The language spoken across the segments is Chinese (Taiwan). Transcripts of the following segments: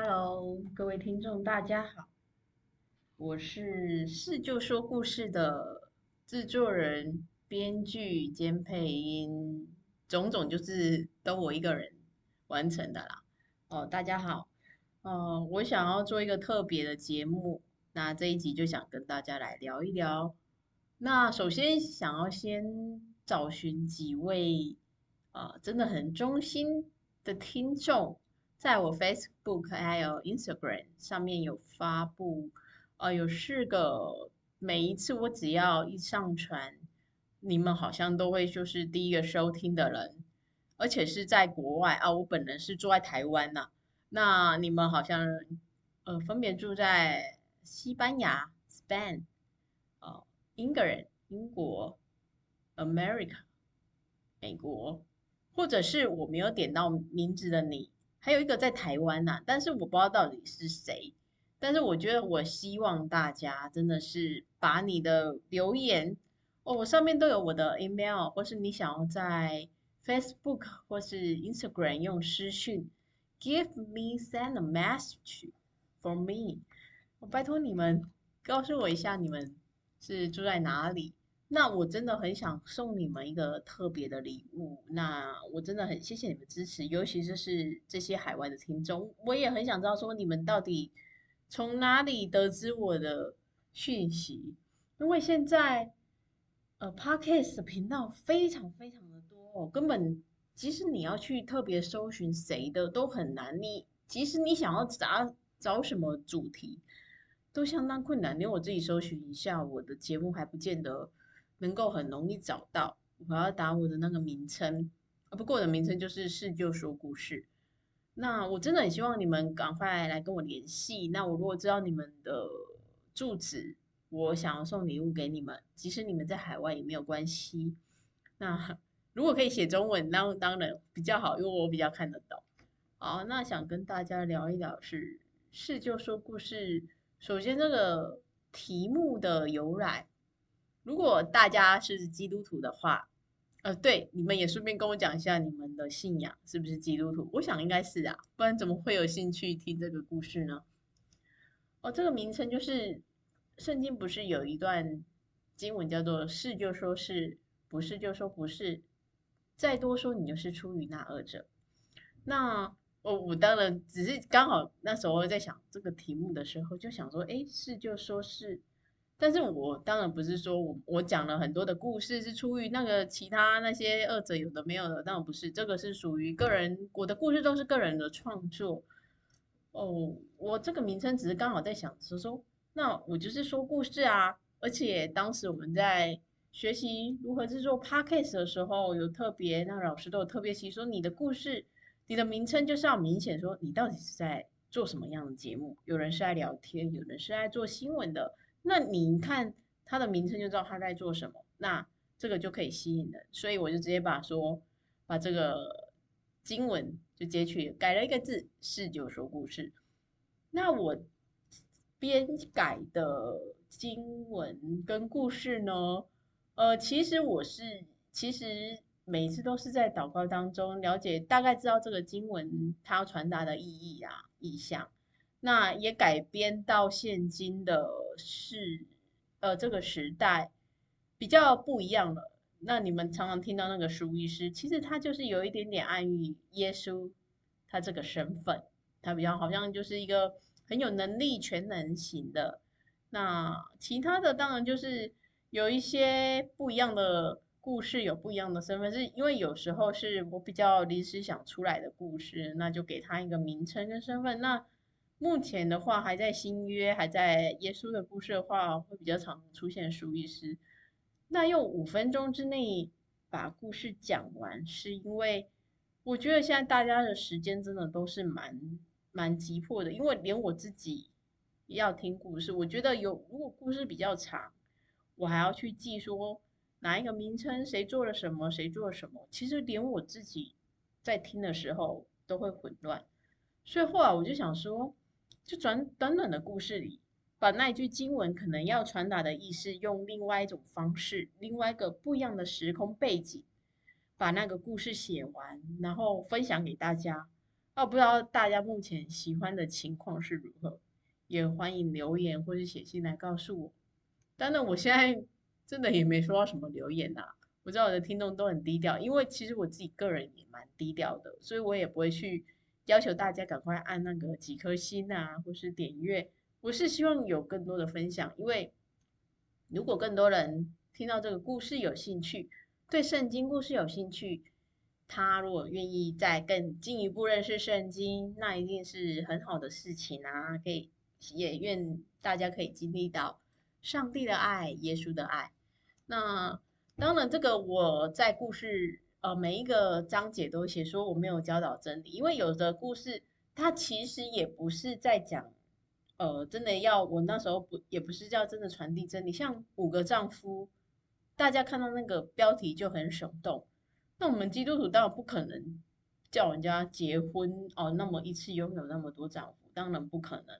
Hello，各位聽眾，大家好，我是四就說故事的製作人、編劇兼配音，種種就是都我一個人完成的啦。哦，大家好，呃，我想要做一個特別的節目，那這一集就想跟大家來聊一聊。那首先想要先找尋幾位啊、呃，真的很忠心的聽眾。在我 Facebook、還有 Instagram 上面有發布，呃，有四個，每一次我只要一上傳，你們好像都會就是第一個收聽的人，而且是在國外啊，我本人是住在台灣吶、啊，那你們好像呃分別住在西班牙 Spain，哦，England 英國，America 美國，或者是我沒有點到名字的你。還有一個在台灣吶、啊，但是我不知道到底是誰。但是我覺得，我希望大家真的是把你的留言哦，我上面都有我的 email，或是你想要在 Facebook 或是 Instagram 用私訊，give me send a message for me，我拜托你們告訴我一下你們是住在哪裡。那我真的很想送你們一個特別的禮物。那我真的很謝謝你們支持，尤其就是這些海外的聽眾，我也很想知道說你們到底從哪裡得知我的訊息。因為現在呃，Podcast 的頻道非常非常的多，根本其實你要去特別搜尋誰的都很難。你其實你想要找找什麼主題，都相當困難。連我自己搜尋一下我的節目還不見得能夠很容易找到，我要打我的那個名稱，不過我的名稱就是“世舅說故事”。那我真的很希望你們趕快來跟我聯繫。那我如果知道你們的住址，我想要送禮物給你們，即使你們在海外也沒有關係。那如果可以寫中文，那我當然比較好，因為我比較看得懂。好，那想跟大家聊一聊是“世舅說故事”。首先，這個題目的由來。如果大家是基督徒的話，呃，對，你們也順便跟我講一下你們的信仰是不是基督徒？我想應該是啊，不然怎麼會有興趣聽這個故事呢？哦，這個名稱就是，聖經不是有一段經文叫做“是就說是，不是就說不是”，再多說你就是出於那惡者。那我我當然只是剛好那時候在想這個題目的時候，就想說，誒，是就說是。但是我當然不是說，我我講了很多的故事是出於那個其他那些二者有的沒有的，當然不是，這個是屬於個人、嗯、我的故事都是個人的創作哦，我這個名稱只是剛好在想說說，那我就是說故事啊，而且當時我們在學習如何制作 podcast 的時候，有特別那個、老師都有特別提說，你的故事你的名稱就是要明顯說你到底是在做什麼樣的節目，有人是在聊天，有人是在做新聞的。那你看它的名稱就知道它在做什麼，那這個就可以吸引人，所以我就直接把說把這個經文就截取改了一個字，是就說故事。那我編改的經文跟故事呢，呃，其實我是其實每次都是在禱告當中了解，大概知道這個經文它要傳達的意義啊，意象。那也改編到現今的是，呃，這個時代比較不一樣了。那你們常常聽到那個書醫師，其實他就是有一點點暗喻耶穌，他這個身份，他比較好像就是一個很有能力、全能型的。那其他的當然就是有一些不一樣的故事，有不一樣的身份，是因為有時候是我比較臨時想出來的故事，那就給他一個名稱跟身份，那。目前的話還在新約，還在耶穌的故事的話，會比較常出現書醫師。那用五分鐘之內把故事講完，是因為我覺得現在大家的時間真的都是蠻蠻急迫的，因為連我自己要聽故事，我覺得有如果故事比較長，我還要去記說哪一個名稱，誰做了什麼，誰做了什麼，其實連我自己在聽的時候都會混亂，所以後來我就想說。就短短短的故事裡，把那一句經文可能要傳達的意思，用另外一種方式，另外一個不一樣的時空背景，把那個故事寫完，然後分享給大家。啊，不知道大家目前喜歡的情況是如何，也歡迎留言或是寫信來告訴我。當然，我現在真的也沒收到什麼留言吶、啊。我知道我的聽眾都很低調，因為其實我自己個人也蠻低調的，所以我也不會去。要求大家趕快按那個幾顆星，啊，或是點閱。我是希望有更多的分享，因為如果更多人聽到這個故事有興趣，對聖經故事有興趣，他如果願意再更進一步認識聖經，那一定是很好的事情啊！可以也願大家可以經歷到上帝的愛、耶穌的愛。那當然，這個我在故事。呃，每一個章節都寫說我沒有教導真理，因為有的故事它其實也不是在講，呃，真的要我那時候不也不是叫真的傳遞真理。像五個丈夫，大家看到那個標題就很聳動。那我們基督徒當然不可能叫人家結婚哦，那麼一次擁有那麼多丈夫，當然不可能。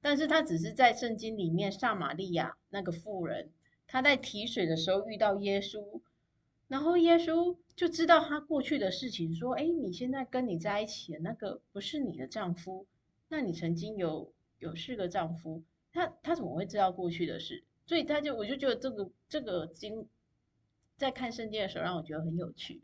但是他只是在聖經裡面，撒瑪利亞那個婦人，她在提水的時候遇到耶穌。然後耶穌就知道他過去的事情，說：“哎，你現在跟你在一起的那個不是你的丈夫，那你曾經有有四個丈夫，他他怎麼會知道過去的事？所以他就我就覺得這個這個經在看聖經的時候讓我覺得很有趣，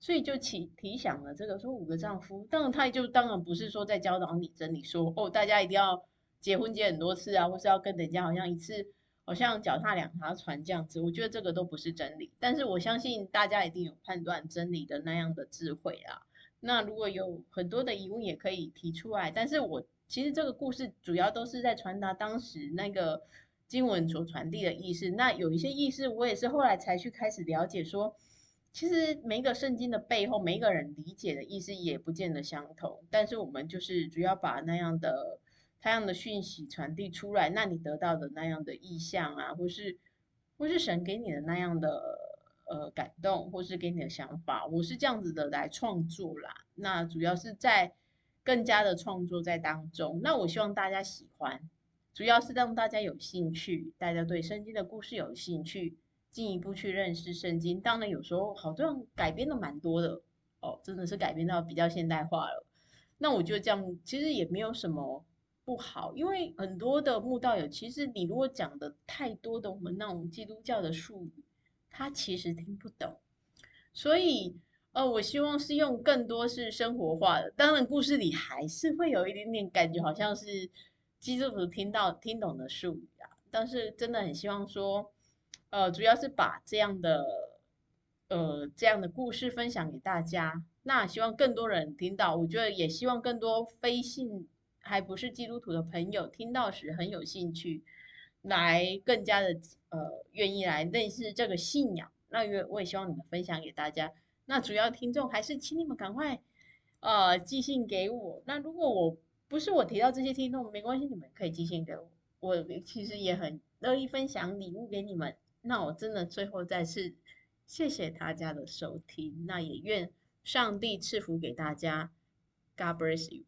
所以就提提醒了這個說五個丈夫，當然他就當然不是說在教導你真理說，說哦大家一定要結婚結很多次啊，或是要跟人家好像一次。”好像腳踏兩條船這樣子，我覺得這個都不是真理。但是我相信大家一定有判斷真理的那樣的智慧啦。那如果有很多的疑問，也可以提出來。但是我其實這個故事主要都是在傳達當時那個經文所傳遞的意思。那有一些意思，我也是後來才去開始了解說其實每一個聖經的背後，每一個人理解的意思也不見得相同。但是我們就是主要把那樣的他樣的訊息傳遞出來，那你得到的那樣的意象啊，或是或是神給你的那樣的呃感動，或是給你的想法，我是這樣子的來創作啦。那主要是在更加的創作在當中。那我希望大家喜歡，主要是讓大家有興趣，大家對聖經的故事有興趣，進一步去認識聖經。當然有時候好多人改編的蠻多的哦，真的是改編到比較現代化了。那我就這樣其實也沒有什麼。不好，因為很多的慕道友，其實你如果講的太多的我們那種基督教的術語，他其實聽不懂。所以，呃，我希望是用更多是生活化的，當然故事裡還是會有一點點感覺，好像是基督徒聽到聽懂的術語啊。但是真的很希望說，呃，主要是把這樣的呃這樣的故事分享給大家。那希望更多人聽到，我覺得也希望更多非信。還不是基督徒的朋友，聽到時很有興趣，來更加的呃願意來認識這個信仰。那我也希望你們分享給大家。那主要聽眾還是請你們趕快呃寄信給我。那如果我不是我提到這些聽眾，沒關係，你們可以寄信給我。我其實也很樂意分享禮物給你們。那我真的最後再次謝謝大家的收聽。那也願上帝賜福給大家。God bless you.